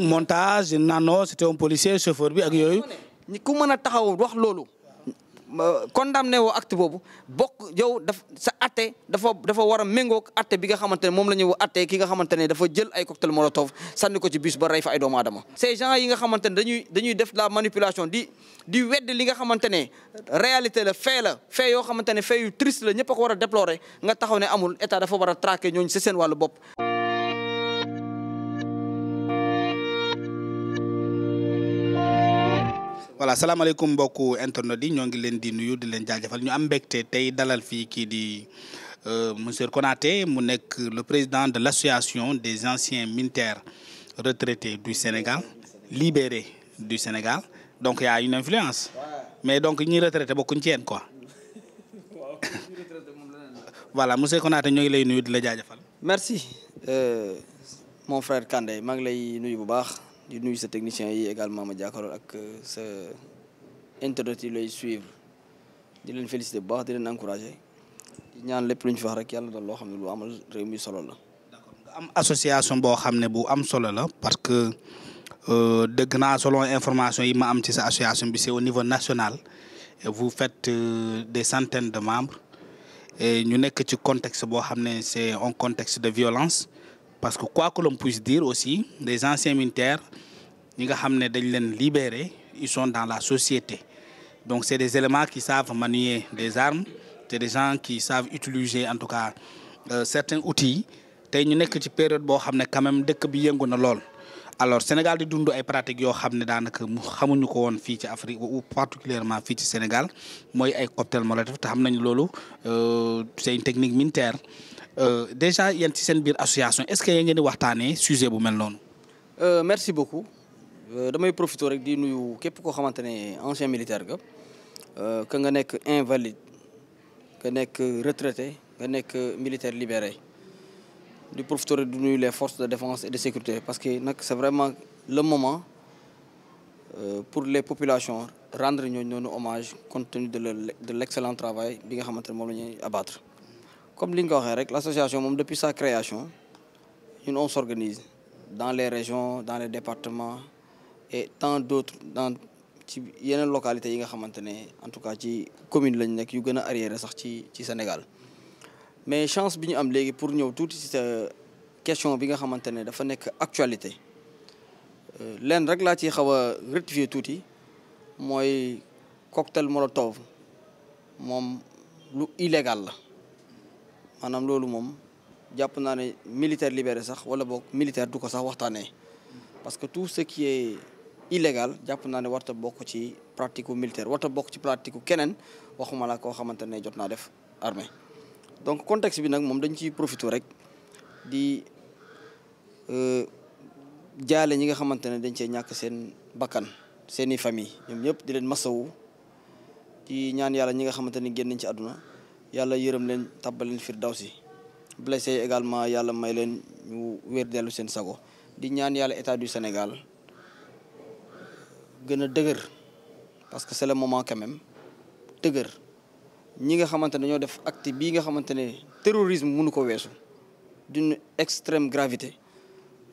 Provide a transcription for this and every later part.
montage nano c'était un policier chauffeur bi ak yooyu. ku mën a taxaw wax loolu. condamné woo acte boobu bokk yow daf sa atte dafa dafa war a méngóog atte bi nga xamante ne moom la ñuy atte ki nga xamante ne dafa jël ay cocktail molotov sànni ko ci bus ba rey fa ay doomu aadama. ces yi nga xamante ne dañuy dañuy def la manipulation di di wedd li nga xamante ne réalité la fait la fait yoo xamante ne fait yu la ñëpp a ko war a déplorer nga taxaw ne amul état dafa war a traquer ñooñu si seen wàllu bopp. voilà salaamaaleykum mbokku internet yi ñoo ngi leen di nuyu di leen jaajëfal ñu am mbégte tey dalal fii kii di euh, monsieur Konaté mu nekk le président de l'association des anciens militaires retraités du Sénégal libérés du Sénégal donc y une influence mais donc ñi retraité bokkuñ ci yéen quoi voilà monsieur Konaté ñoo ngi lay nuyu di la jaajëfal. merci euh, mon frère Kandé maa lay nuyu bu baax. di nuyu sa technicien yi également ma jàkkaarloo ak euh, sa internet yi lay suivre di leen féliciter bu baax di leen encourager ñaan lépp lu ñu fi wax rek yàlla doon loo xam ne lu amal mi solo la. am association boo xam ne bu am solo la parce que euh, dëgg naa solo information yi ma am ci sa association bi c'est au niveau national et vous faites euh, des centaines de membre e ñu nekk ci contexte boo xam ne c'est un contexte de violence. parce que quoi que l'on puisse dire aussi les anciens militaires ñi nga xam ne dañ leen libéré ils sont dans la société donc c'est des éléments qui savent manier des armes c'est des gens qui savent utiliser en tout cas euh, certains outils te ñu nekk ci période boo xam ne quand dëkk bi yëngu na lool alors Sénégal di dund ay pratiques yoo xam ne daanaka xamuñu ko woon fii ci Afrique ou particulièrement fii ci Sénégal mooy ay cocktail molotov te xam nañu loolu euh, c'est une technique militaire Euh, déjà yéen ci seen biir association est-ce que yéen ngeen di waxtaanee sujet bu mel noonu. Euh, merci beaucoup euh, damay profité rek di nuyu képp koo xamante ne ancien militaire ga que nga nekk invalide nga nekk retraité nga nekk militaire libéré di profité rek di nuyu les force de défense et de sécurité parce que nag c'est vraiment le moment pour les population rendre ñooñu noonu hommage compte tenu de de l'excellent travail bi nga xamante ne moom la ñuy abattre. comme li nga ko waxee rek l'association moom depuis sa création ñun on dans les régions dans les départements et tant d'autres dans ci yeneen localités yi nga xamante ne en tout cas ci commune lañ nekk yu gën a arriéré sax ci ci Sénégal mais chance bi ñu am léegi pour ñëw tuuti ci sa question bi nga xamante ne dafa nekk actualité euh, leen rek laa ci xaw a rectifier tuuti mooy cocktail molotov moom lu illégal la maanaam loolu moom jàpp naa ne militaire libéré sax wala boog militaire du ko sax waxtaanee parce que tout ce qui est illégal jàpp naa ne warta bokk ci pratique u militaire warta bokk ci pratique u keneen waxuma la koo xamante ne jot naa def armée donc contexte bi nag moom dañu ciy profité rek di euh, jaale ñi nga xamante ne dañ cee ñàkk seen bakkan seeni famille ñoom ñëpp di leen masawu di ñaan yàlla ñi nga xamante ne génn nañ ci àdduna yàlla yërëm leen tàbbal daw si blessé également yàlla may leen ñu wér dellu seen sago di ñaan yàlla état du Sénégal gën dëgër parce que c'est le moment quand même dëgër ñi nga xamante ne ñoo def acte bii nga xamante ne terrorisme munu ko weesu d'une extrême gravité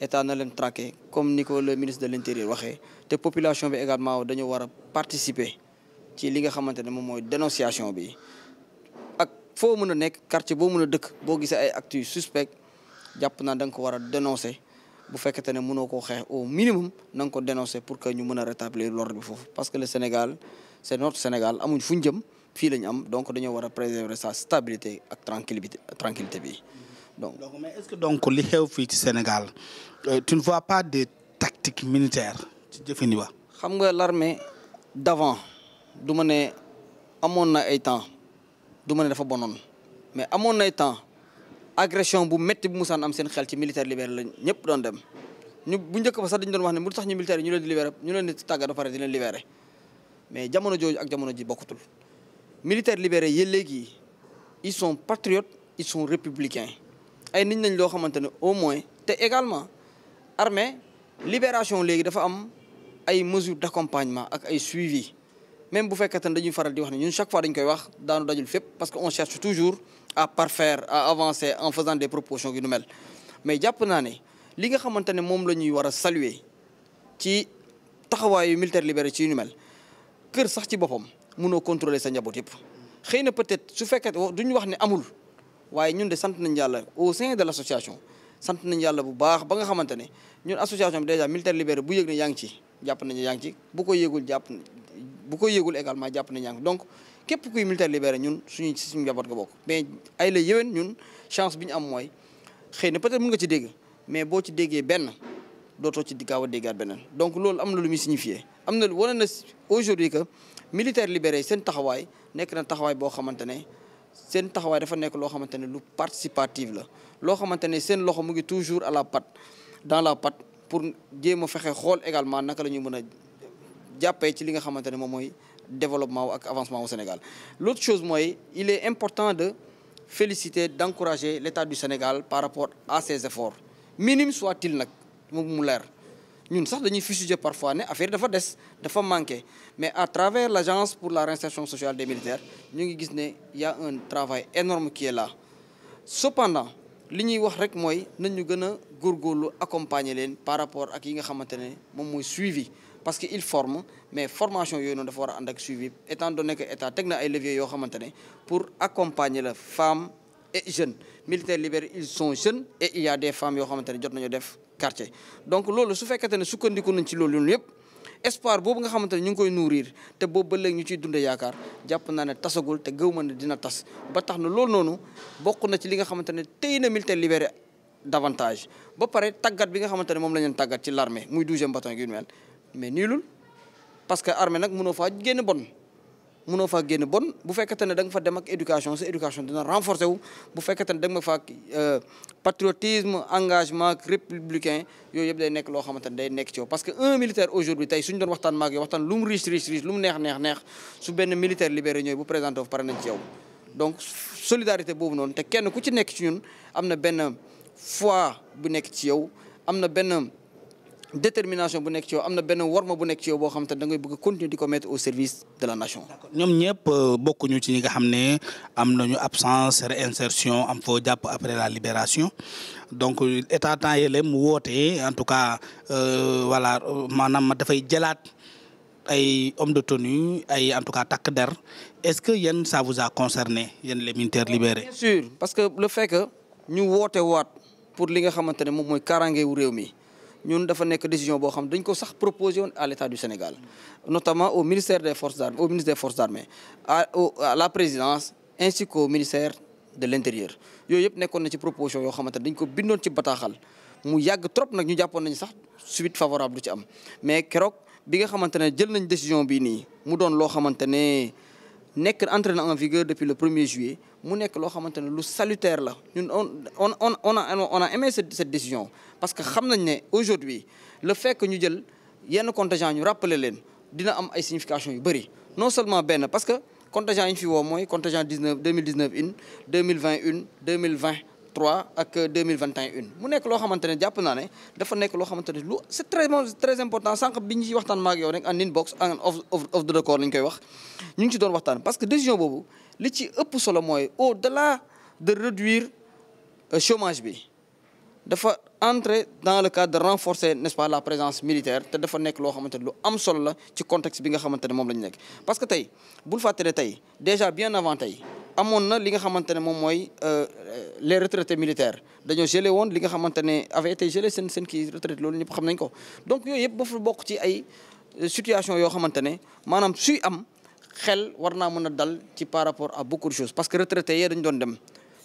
état na leen traqué comme ni ko le ministre de l'intérieur waxee te population bi également dañoo war a participer ci li nga xamante ne moom mooy dénonciation bi foo mën a nekk quartier boo mën a dëkk boo gisee ay actes yu suspect jàpp naa danga ko war a dénoncer bu fekkente ne mënoo koo xeex au minimum nanga ko dénoncer pour que ñu mën a rétabler l'ordre bi foofu parce que le Sénégal c'est notre Sénégal amuñ fu ñu jëm fii la ñu am donc dañoo war a préserver sa stabilité ak tranquillité tranquillité bi donc. donc mais est-ce que donc li xew fii ci Sénégal euh, tu vois pas des tactiques militaires ci jëfin wa. xam nga l'armée d'avant du ma ne amoon na ay temps. du ma ne dafa bonoon mais amoon nay temps agression bu metti bu musaan am seen xel ci militaire libéré la ñëpp doon dem ñu bu njëkk ba sax dañu doon wax ne bu sax ñu militaire yi ñu leen di libéré ñu leen di tàggat ba pare di leen mais jamono jooju ak jamono ji bokkutul militaire libéré yi léegi ils sont patriotes ils sont républicains ay nit nañ loo xamante ne au moins te également armée libération léegi dafa am ay mesures d'accompagnement ak ay suivi même bu fekkee ne dañuy faral di wax ne ñun chaque fois dañu koy wax daanu dajul fépp parce que on cherche toujours à parfaire à avancer en faisant des propositions yu nu mel mais jàpp naa ne li nga xamante ne moom la ñuy war a saluer ci taxawaayu militaire libéré ci yu nu mel kër sax ci boppam mënoo contrôler sa njaboot yëpp. xëy na peut-être su fekkee duñu wax ne amul waaye ñun de sant nañu yàlla au sein de l'association sant nañu yàlla bu baax ba nga xamante ne ñun association bi déjà militaire bu yëg yaa ngi ci jàpp nañu yaa ngi ko yëgul jàpp bu koy yëgul également jàpp na ñaa donc képp kuy militaire libéré ñun suñu si suñu njaboot nga bokk mais ay la yéwén ñun chance bi ñu am mooy xëy na peut-être mën nga ci dégg mais boo ci déggee benn dootoo ci gaaw a déggaat beneen donc loolu am na lu muy signifié am na lu wane na aujourd'hui que militaire libéré seen taxawaay nekk na taxawaay boo xamante ne seen taxawaay dafa nekk loo xamante ne lu participative la loo xamante ne seen loxo mu ngi toujours à la patte dans la patte pour jéem a fexe xool également naka la ñu mën a jàppee ci li nga xamante ne moom mooy développement ak avancement wu Sénégal l'autre chose mooy il est important de féliciter d'encourager l'État du Sénégal par rapport à ses efforts minimes soit-il nag moom mu leer ñun sax dañuy fustiger parfois ne affaire dafa des dafa manqué mais à travers l'agence pour la réinsertion sociale des militaires ñu ngi gis ne y un travail énorme qui est la cependant li ñuy wax rek mooy nañu gën a góorgóorlu accompagner leen par rapport ak yi nga xamante ne moom mooy parce que il forme mais formation yooyu noonu dafa war a ànd ak suivi étant donné que état teg na ay leviers yoo xamante ne pour accompagner la femme et jeunes militaires libéraux ils sont jeunes et il des femmes yoo xamante ne jot nañu def quartier. donc loolu su fekkente ne sukkandiku nañ ci loolu yëpp espoir boobu nga xamante ne ñu ngi koy nourrir te boobu ba léegi ñu ciy dundee yaakaar jàpp naa ne tasagul te gëw ma dina tas ba tax na loolu noonu bokk na ci li nga xamante ne tey na militaire libéré davantage ba pare tàggat bi nga xamante ne moom la ñu tàggat ci l'armée muy douzième bataillon gi mais niilul parce que armée nag mënoo faa génn bon mënoo faa génn bon bu fekkente ne da nga fa dem ak éducation sa éducation dina renforcer wu bu fekkente ne da nga fa ak euh, patriotisme engagement républicain yooyu yëpp day nekk loo xamante ne day nekk ci yow parce que un militaire aujourd'hui tey suñu doon waxtaan maag yow waxtaan lu mu riche riche riche lu mu neex neex neex su benn militaire libéré ñooy bu présenté wu pare nañ ci yow donc solidarité boobu noonu te kenn ku ci nekk ci ñun am na benn foi bu nekk ci yow am na benn détermination bu nekk ci yow am na benn worma bu nekk ci yow boo xam te da ngay bëgg continuer di ko mettre au ñoom ñëpp euh, bokkuñu ci ñi nga xam ne am nañu absence réinsertion am foo jàpp après la libération donc état temps yële mu woote en tout cas euh, voilà maanaam dafay jëlaat ay homme de tenue ay en tout cas takk der est-ce que yéen ça concerné yéen les militaires libérés. parce que le fait ñu woote waat pour li nga xamante ne moom mooy kaaraange wu réew mi. ñun dafa nekk décision boo xam dañ ko sax proposé woon à l' état du Sénégal notamment au ministère des forces armées au ministre des forces la présidence ainsi qu'au ministère de l' intérieur yooyu yëpp nekkoon na ci proposition yoo xamante dañ ko bindoon ci bataaxal mu yàgg trop nag ñu jàppoon nañ sax suite favorable du ci am mais keroog bi nga xamante ne jël nañ décision bii nii mu doon loo xamante ne nekk entré na en vigueur depuis le 1 juillet mu nekk loo xamante ne lu salutaire la ñun on on on a on a aimé cette décision parce que xam nañ ne aujourd'hui le fekk que ñu jël yenn contingent ñu rappeler leen dina am ay signification yu bari non seulement benn parce que contingent yi ñu fi woo mooy contingent 19 2019 une 2020 une 3 ak 2021 mu nekk loo xamante ne jàpp naa ne dafa nekk loo xamante ne lu c' est très très sànq bi ñu ci waxtaan maak yow rek en koy wax ñu ngi ci doon waxtaan parce que décision boobu li ëpp solo mooy au delà de réduire euh, chomage bi dafa entrer dans le cadre de renforcer n'est-ce pas la présence militaire te dafa nekk loo xamante ne lu am solo la ci contexte bi nga xamante ne moom la ñu nekk parce que tey bul fàtte ne tey déjà bien avant tey amoon na li nga xamante ne moom mooy euh, les retraités militaires dañoo gelé woon li nga xamante ne avait été gelé seen seen kii retraite loolu ñëpp xam nañ ko donc yooyu yëpp dafa bokk ci ay euh, situation yoo xamante ne maanaam suy am xel war naa mën a dal ci par rapport à beaucoup de parce que retraités yee dañ doon dem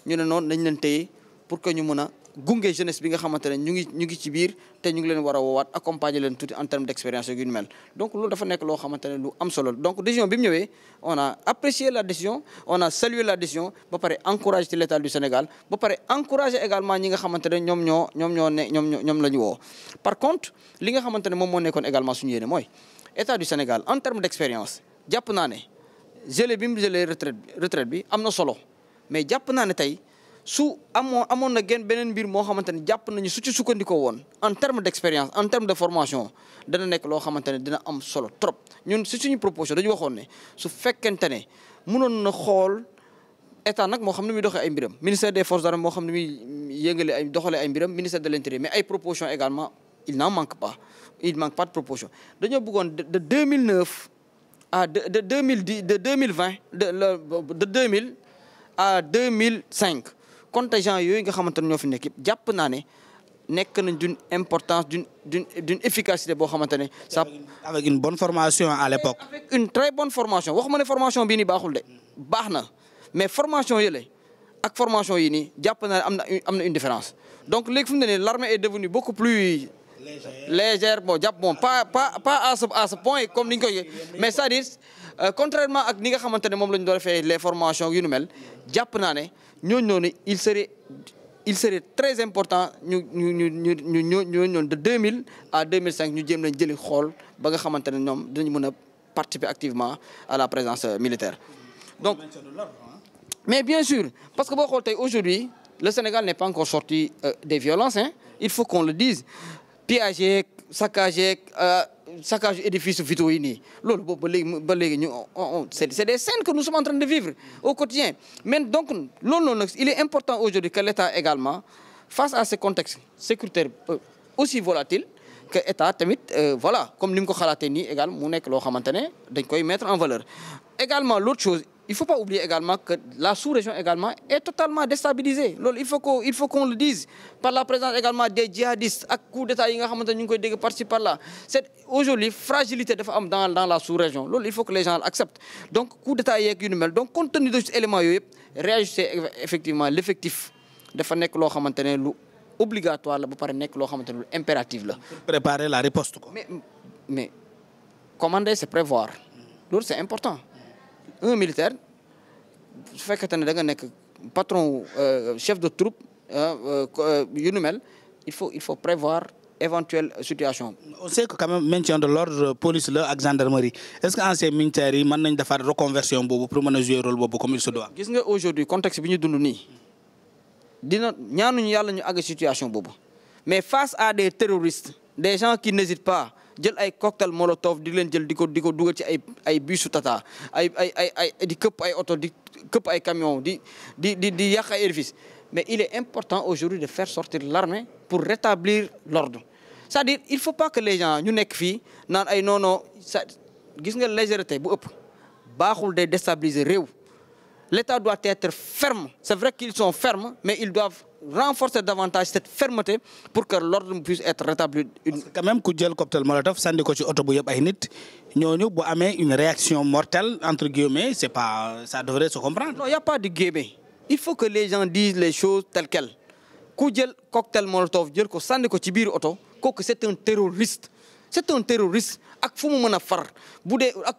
ñu ne noonu dañ leen téye pour que ñu mën a gunge jeunesse bi nga xamante ñu ngi ñu te ñu ngi leen war a woowaat accompagner leen tuuti en terme d' expérience mel donc loolu dafa nekk loo xamante lu am solo donc décision bi ñëwee on a la décision on a la décision ba pare encouragé l' état du Sénégal également ñi nga xamante ne ñoom ñoo ñoom ñoo ne ñoom ñoom la ñu woo par contre li nga xamante ne moom moo nekkoon également suñu yéene mooy état du Sénégal en terme d' jàpp naa ne bi mu gelé retraite su amoon amoon na genn beneen mbir moo xamante ne jàpp nañu su ci sukkandikoo woon en terme d' expérience en terme de formation dana nekk loo xamante ne dina am solo trop ñun si suñu proposition dañu waxoon ne su fekkente ne mënoon na xool état nag moo xam ne muy doxee ay mbiram ministère des forces moo xam ne muy yëngale ay doxalee mbiram ministère de l' intérieur mais ay proposition également il n'en manque pas il manque pas de proposition dañoo bëggoon de 2009 à de de 2010 de 2020 de de 2000 à 2005 contingent yooyu nga xamante ne ñoo fi nekk yëpp jàpp naa ne nekk nañ d'une importance d'une d'une d'une efficacité boo xamante ne. ça avec une bonne formation à l'époque. avec une très bonne formation waxuma ne formation bii nii baaxul de baax na mais formation yële ak formation yi nii jàpp naa ne am na am na une donc léegi fu mu ne nii l'armée est devenue beaucoup plus. légère bo jàpp moom pas pas pas à ce à point comme ni ñu koy mais cest dire Euh, contrairement ak ni nga xamante ne moom la ñu doon defee les formations yu nu mel jàpp naa ne ñooñu noonu il serait il serait très important ñu ñu ñu ñu ñu ñooñu noonu de 2000 à 2005 ñu jéem lañ jëli xool ba nga xamante ne ñoom dinañ mën a participer activement à la présence militaire. donc mais bien sûr parce que bo xool tey aujourd'hui le Sénégal n'est pas encore sorti euh, des violences hein il faut qu'on le dise Piaget saccagé euh, saccage édifice vitaux yi nii loolu boo ba léegi ba léegi ñu c'est c'est des scènes que nous sommes en train de vivre au quotidien mais donc lool lool nag il est important aujourd'hui que l'État également face à ce contexte sécuritaire euh, aussi volatile que état tamit euh, voilà comme ni mu ko xalaatee nii également mu nekk loo xamante ne dañ koy mettre en valeur également l'autre chose il faut pas oublier également que la sous-région également est totalement déstabilisée loolu il faut qu'on le dise par la présence également des djihadistes ak coup d'état yi nga xamante ne ñu ngi koy dégg par-ci par-là c'est aujourd'hui fragilité dafa am dans la sous-région loolu il faut que les gens l'acceptent donc coup d'état yeeg yu nu mel donc compte tenu de éléments yooyu yëpp réajuster effectivement l'effectif dafa nekk loo xamante ne lu obligatoire la ba pare nekk loo xamante ne lu impératif la. préparer la riposte quoi. mais mais prévoir loolu c'est important. un militaire su fekkente ne da nga nekk patron euh, chef de troupe euh, euh, yu nu mel il faut il prévoir éventuelle situation. on sait que quand même maintien de l'ordre police la ak gendarmerie est-ce que anciens militaires yi mën nañ defar reconversion boobu pour mën a jouer rôle boobu comme il se doit. gis nga aujourd'hui contexte bi ñu dund nii dina ñaanuñu yàlla ñu àgg situation boobu mais face à des terroristes des gens qui n'hésitent pas. jël ay cocktail molotov di leen jël di ko di ko dugal ci ay ay bisu tata ay ay ay ay di këpp ay oto di këpp ay camion di di di di yàq ay édifice mais il est important aujourd'hui de faire sortir l'armée pour rétablir l'ordre c'est-à-dire il faut pas que les ñu nekk fii naan ay non non gis nga légèreté bu ëpp baaxul day déstabiliser réew L'État doit être ferme. C'est vrai qu'ils sont fermes, mais ils doivent renforcer davantage cette fermeté pour que l'ordre puisse être rétabli. Une... Parce que quand même ku jël cocktail Molotov sànni ko ci oto bu yëpp ay nit ñooñu bu amee une réaction mortelle entre guillemets c'est pas ça devrait se comprendre. non y a pas de guillemets il faut que les gens disent les choses telles quelles ku jël cocktail Molotov jël ko sànni ko ci biir oto kooku c'est un terroriste c'est un terroriste ak fu mu mën a far bu dee ak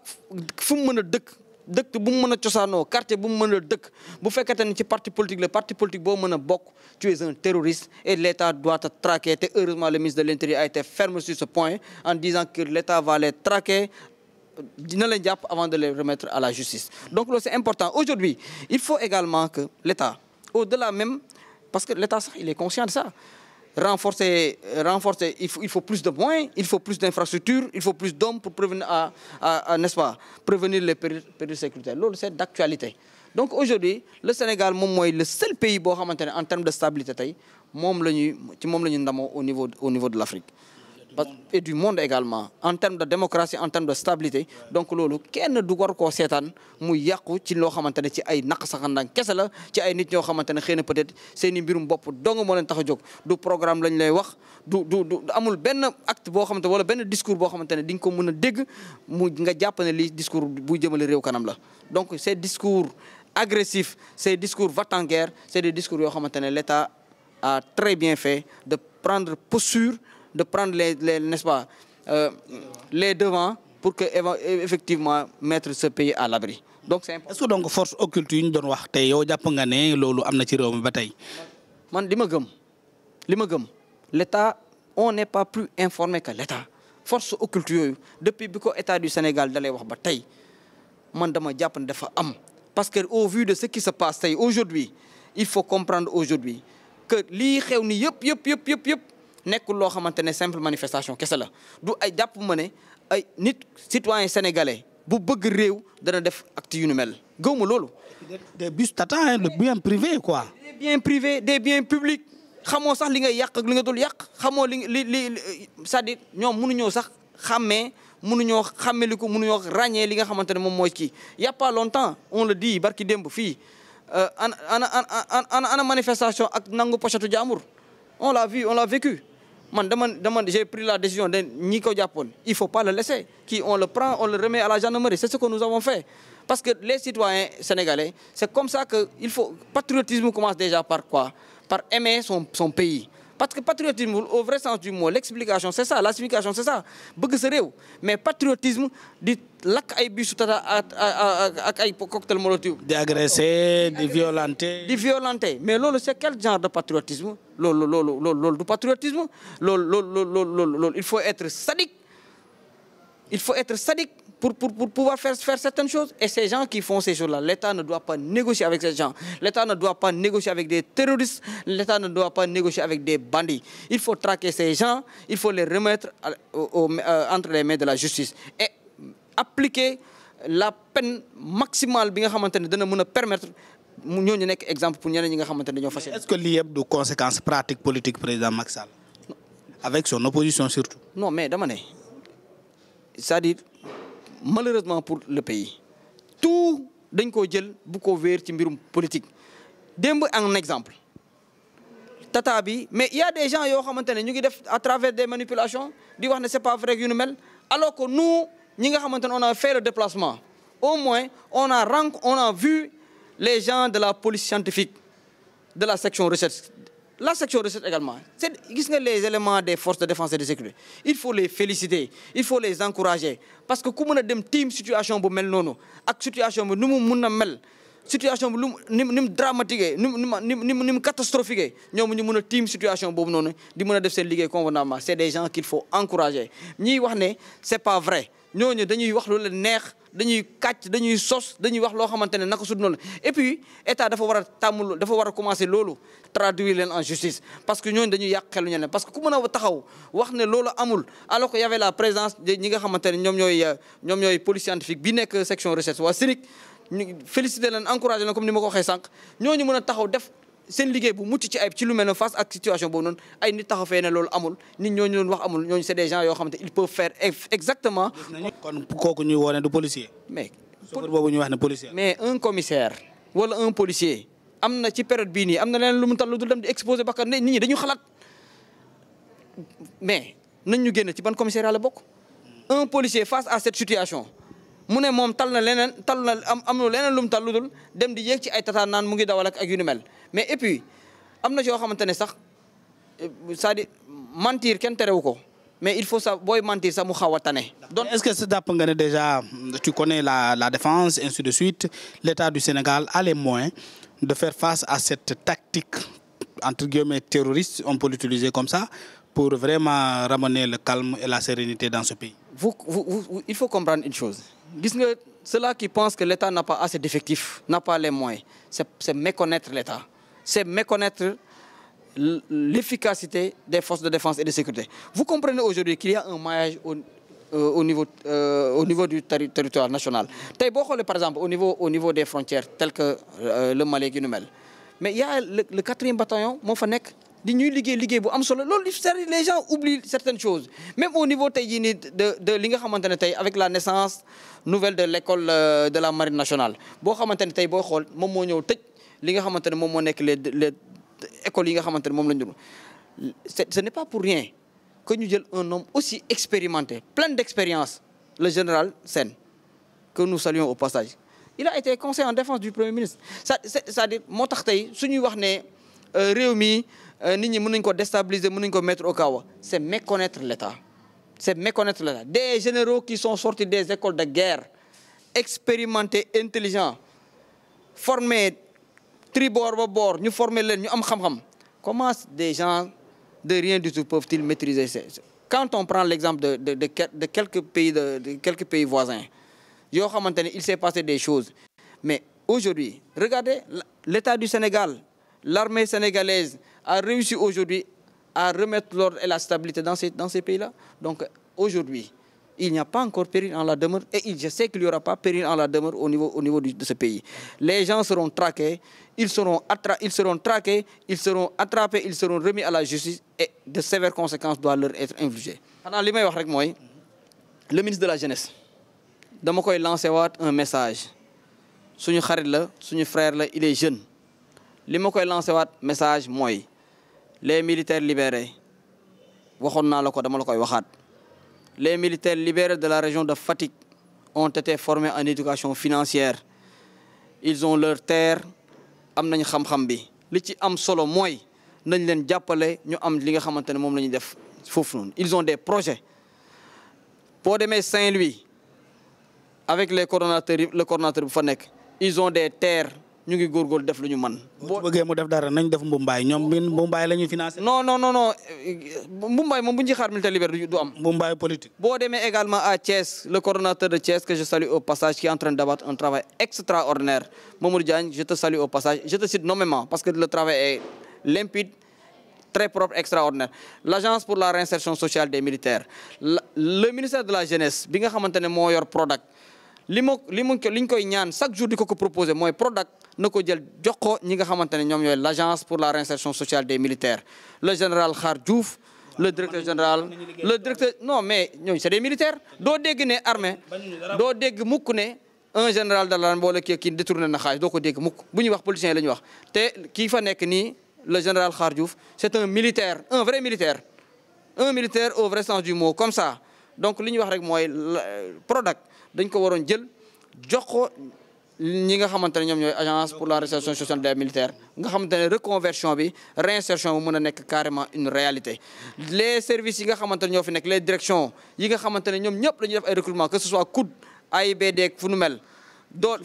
fu mu mën a dëkk. dëkk bu mu mën a cosaanoo quartier bu mu mën a dëkk bu fekkente ni ci parti politique la parti politique boo mën a bokk tu es un terroriste et l' doit traquer te heureusement le ministre de l' a été ferme sur ce point en disant que l' va les traquer dina leen jàpp avant de les remettre à la justice donc loolu c' est important aujourd'hui il faut également que l' état au delà même parce que l' état sax il est conscient de ça renforcer, renforcer il, faut, il faut plus de moyens, il faut plus d'infrastructures, il faut plus d'hommes pour prévenir, à, à, à n'est-ce pas, prévenir les périls, périls sécuritaires. Loolu c'est d'actualité. Donc aujourd'hui le Sénégal moom mooy le seul pays boo xamante ne en termes de stabilité tey moom la ñuy ci moom la ñu ndamoo au niveau au niveau de l'Afrique et du monde également en termes de démocratie en termes de stabilité donc loolu kenn du war koo seetaan mu yàqu ci loo xamante ne ci ay naq saxandaan kese la ci ay nit ñoo xamante ne xëy na peut-être seeni i mbirum bopp dong moo leen tax a jóg du programme lañ lay wax du du du amul benn acte boo xamante wala benn discours boo xamante ne di nga ko mën a dégg mu nga jàpp ne lii discours buy jëmale réew kanam la donc ces discours agressifs ces discours va-t-en-guerre c'est des discours yoo xamante ne l'État a très bien fait de prendre posture de prendre les les n'est-ce pas euh, les devants pour que effectivement mettre ce pays à l'abri donc c'est important. est donc force occulte yi ñu doon wax tey yow jàpp nga ne loolu am na ci réew mi ba tey. man li ma gëm li ma gëm l'État on n'est pas plus informé que l'État force occulte yooyu depuis bi ko État du Sénégal dalay wax ba tey man dama jàpp ne dafa am. parce que au vu de ce qui se passe tey aujourd'hui il faut comprendre aujourd'hui que lii xew ni yëpp yëpp yëpp yëpp yëpp. nekkul loo xamante ne simple manifestation kese la du ay jàpp ma ne ay nit citoyen sénégalais bu bëgg réew dana def acte yu nu mel gëw ma loolu. des bus tata le bien privé quoi. des biens privés des biens publics xamoo sax li ngay yàq ak li nga dul yàq xamoo li li li c'est-à-dire ñoom mënuñoo sax xàmmee. mënuñoo xàmmeliku mënuñoo ràññee li nga xamante ne moom mooy kii y' a pas longtemps on le dit barki démb fii euh, ana ana ana ana manifestation ak nangu pochetu jaamur on l'a vu vécu. man dama dama j'ai pris la décision de ñi ko jàppoon il faut pas le laisser qui on le prend on le remet à la gendarmerie c'est ce que nous avons fait parce que les citoyens sénégalais c'est comme ça que il faut patriotisme commence déjà par quoi par aimer son son pays parce que patriotisme au vrai sens du mot l'explication c'est ça la c'est ça bëgg sa réew mais patriotisme di lakk ay bisu tata ak ay cocktail molotov di agressé di violenté di violenté mais loolu c'est quel genre de patriotisme loolu loolu loolu loolu du patriotisme il faut être sadique il faut être sadique pour, pour, pour pouvoir faire, faire certaines choses. Et ces gens qui font ces choses-là, l'État ne doit pas négocier avec ces gens. L'État ne doit pas négocier avec des terroristes. L'État ne doit pas négocier avec des bandits. Il faut traquer ces gens, il faut les remettre euh, entre les mains de la justice. Et appliquer la peine maximale bi nga xamante ne dana mën a permettre mu ñooñu nekk exemple pour ñi nga xamante ne dañoo fas est-ce que lii yëpp du conséquence pratique politique président Macky Sall avec son opposition surtout. non mais dama malheureusement pour le pays tout dañ koo jël bu ko wéer ci mbirum politique démb en exemple tata bi mais il des gens yoo xamante ne ñu ngi def à travers des manipulations di wax ne c'est pas vrai yu nu mel alors que nous ñi nga xamante ne on a fait le déplacement au moins on a ren on a vu les gens de la police scientifique de la section recherche la section recette également c'est gis nga les éléments des forces de défense et de sécurité il faut les féliciter il faut les encourager parce que ku mën a dem tiim situation bu mel noonu ak situation bi nu mu mun a mel situation bi lu mu ni mu ni mu dramatique ni mu ni ñoom ñu mën a tiim situation boobu noonu di mën a def seen liggéey convenablement c'est des gens qu'il faut encourager ñiy wax ne c'est pas vrai ñooñu dañuy wax loolu leen neex dañuy kac dañuy sos dañuy wax loo xamante ne naka su noonu et puis état dafa war a tàmm dafa war a commencer loolu traduire leen en justice parce que ñooñu dañuy yàq xelu ñeneen parce que ku mën a taxaw wax ne loolu amul alors que la présence ñi nga xamante ne ñoom ñooy ñoom ñooy police bi nekk section recherche waa ñu félicité leen encouragé leen comme ni ma ko waxee sànq ñooñu mën a taxaw def seen liggéey bu mucc ci ayib ci lu mel ne face ak situation boobu noonu ay nit loolu amul nit ñooñu doon wax amul ñooñu c'est des gens yoo xamante ils peuvent faire kooku woo ne du policier. mais boobu ñuy wax ne policier. mais un commissaire wala un policier am na ci période bii nii am na leen lu mu tal lu dul dem di exposé bakkan nit ñi dañu xalaat mais nañ ñu génn ci ban commissariat la bokk. un policier face à cette situation. mu ne moom tal na leneen tal na am am na leneen lum dem di yéeg ci ay tataan naan mu ngi dawal ak yu mais et puis am na ci yoo xamante ne sax c'est-à-dire mentir kenn terewu ko mais il faut sax booy mentir sax mu xaw a tane. donc est-ce que sa jàpp nga ne déjà tu connais la la défense ainsi de suite l'État du Sénégal a les moyens de faire face à cette tactique entre guillemets terroriste on peut l'utiliser comme ça pour vraiment ramener le calme et la sérénité dans ce pays. vous, vous, vous il faut comprendre gis nga ceux-là qui pensent que l'État n'a pas assez d'effectifs n'a pas les moyens c'est c'est méconnaître l'État c'est méconnaître l'efficacité des forces de défense et de sécurité vous comprenez aujourd'hui qu'il y a un maillage au, euh, au niveau euh, au niveau du terri territoire national tey boo xoolee par exemple au niveau au niveau des frontières telles que euh, le Mali ak yu nu mel mais il y a le, le quatrième bataillon moo fa nekk di ñuy liggéey liggéey bu am solo loolu c'est-à-dire les gens oublient certaines choses même au niveau tey jii nii de li nga xamante ne tey avec la naissance nouvelle de l'école euh, de la marine nationale boo xamante ne tey boo xool moom moo ñëw tëj li nga xamante ne moom moo nekk les les écoles yi nga xamante ne moom lañ doon ce n'est pas pour rien que ñu jël un homme aussi expérimenté plein d'expérience le général Sène que nous saluons au passage il a été conseiller en défense moo tax tey suñuy wax ne euh, réew mi Euh, nit ñi mën nañu ko déstabiliser mën nañu ko mettre au kawa c' est méconnaître l' état c' est méconnaître des généraux qui sont sortis des écoles de guerre expérimentés intelligents formés tribord ba boor ñu former leen ñu am xam-xam comment des gens de rien du tout peuvent-ils maîtriser ces quand on prend l'exemple de de de de quelques pays de, de voisins yoo xamante ne il s'est passé des choses mais aujourd'hui regardez l'état du Sénégal l'armée sénégalaise a réussi aujourd'hui à remettre l'ordre et la stabilité dans ces, dans ces pays-là. Donc aujourd'hui, il n'y a pas encore péril en la demeure et je sais qu'il n'y aura pas péril en la demeure au niveau, au niveau de ce pays. Les gens seront traqués, ils seront, ils attrapés, ils seront remis à la justice et de sévères conséquences doivent leur être infligées. xanaa li may wax rek mooy le ministre de la jeunesse dama koy lancé waat un message suñu xarit la suñu frère la il est jeune li ma koy lancé waat message mooy. les militaires libérés waxoon naa la ko dama la koy waxaat les militaires libérés de la région de Fatick ont été formés en éducation financière ils ont leur terre am nañ xam-xam bi li ci am solo mooy nañ leen jàppale ñu am li nga xamante ne moom la ñuy def foofu noonu ils ont des projets boo demee Saint-Louis avec les coordonnateurs le coordonnateur bu fa nekk ils ont des terres ñu ngi góorgóorlu def lu ñu man boo bëggee mu def dara nañ def Mboumbaay ñoom Mboumbaay la ñuy financé. non non non non Mboumbaay moom bu ñu ci xaar militaire libéré du boo demee également à Thiès le coordonnateur de Thiès que je salue au passage qui est en train d'abattre un travail extraordinaire Mamour Diagne je te salue au passage je te cite nommément parce que le travail est limpide très propre extraordinaire l'agence pour la réinsertion sociale des militaires le ministère de la jeunesse bi nga xamante ne moo yor Prodac koy ñaan chaque jour di ko ko proposé mooy Prodac. na ko jël jox ko ñi nga xamante ne ñoom ñooy l' agence pour la réinsertion sociale des militaires le général Khar Diouf le directeur général le directeur no mais ñooñu c' est des doo dégg ne armée doo dégg mukk ne un général de l'armée wala kii kii na xaalis doo ko dégg mukk bu ñuy wax politicien la ñuy wax te kii fa nekk nii le général Khar Diouf c' est un militaire un vrai militaire un militaire au vrai sens du mot comme ça donc li ñuy wax rek mooy Prodac dañ ko waroon jël jox ko ñi nga xamante ne ñoom ñooy agence pour la réinsertion sociale des militaires nga xamante ne reconversion bi réinsertion bi mën a nekk carrément une réalité les services yi nga xamante ne ñoo fi nekk le directions yi nga xamante ne ñoom ñëpp dañuy def ay recrutement que ce soit COUD AIBD fu nu mel doo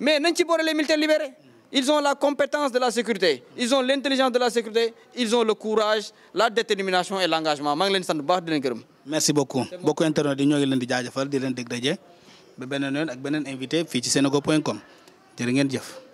mais nañ ci boole les militaires libérés ils ont la compétence de la sécurité ils ont l'intelligence de la sécurité ils ont le courage la détermination et leen sant bu baax ba beneen yoon ak beneen invité fii ci senego point com jërë ngeen jëf